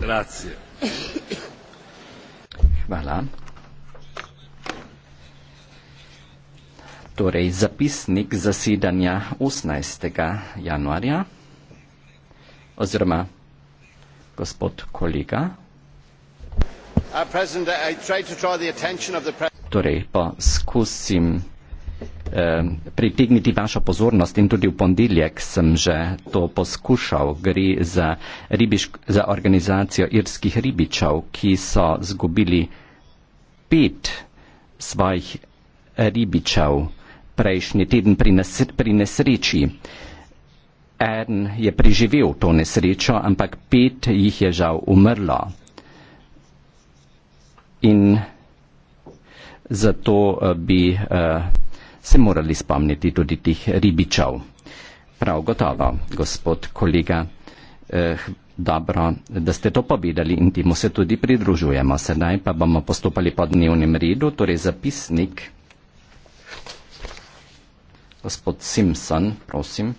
Grazie. Hvala. Torej, zapisnik zasedanja 18. januarja, oziroma gospod kolega. Torej, poskusim pritigniti vašo pozornost in tudi v ponedeljek sem že to poskušal. Gre za, ribiš, za organizacijo irskih ribičev, ki so zgubili pet svojih ribičev prejšnji teden pri, nes pri nesreči. En je priživel to nesrečo, ampak pet jih je žal umrlo. In zato eh, bi. Uh, se morali spomniti tudi tih ribičev. Prav gotovo, gospod kolega, eh, dobro, da ste to povedali in temu se tudi pridružujemo. Sedaj pa bomo postopali po dnevnem redu, torej zapisnik. Gospod Simpson, prosim.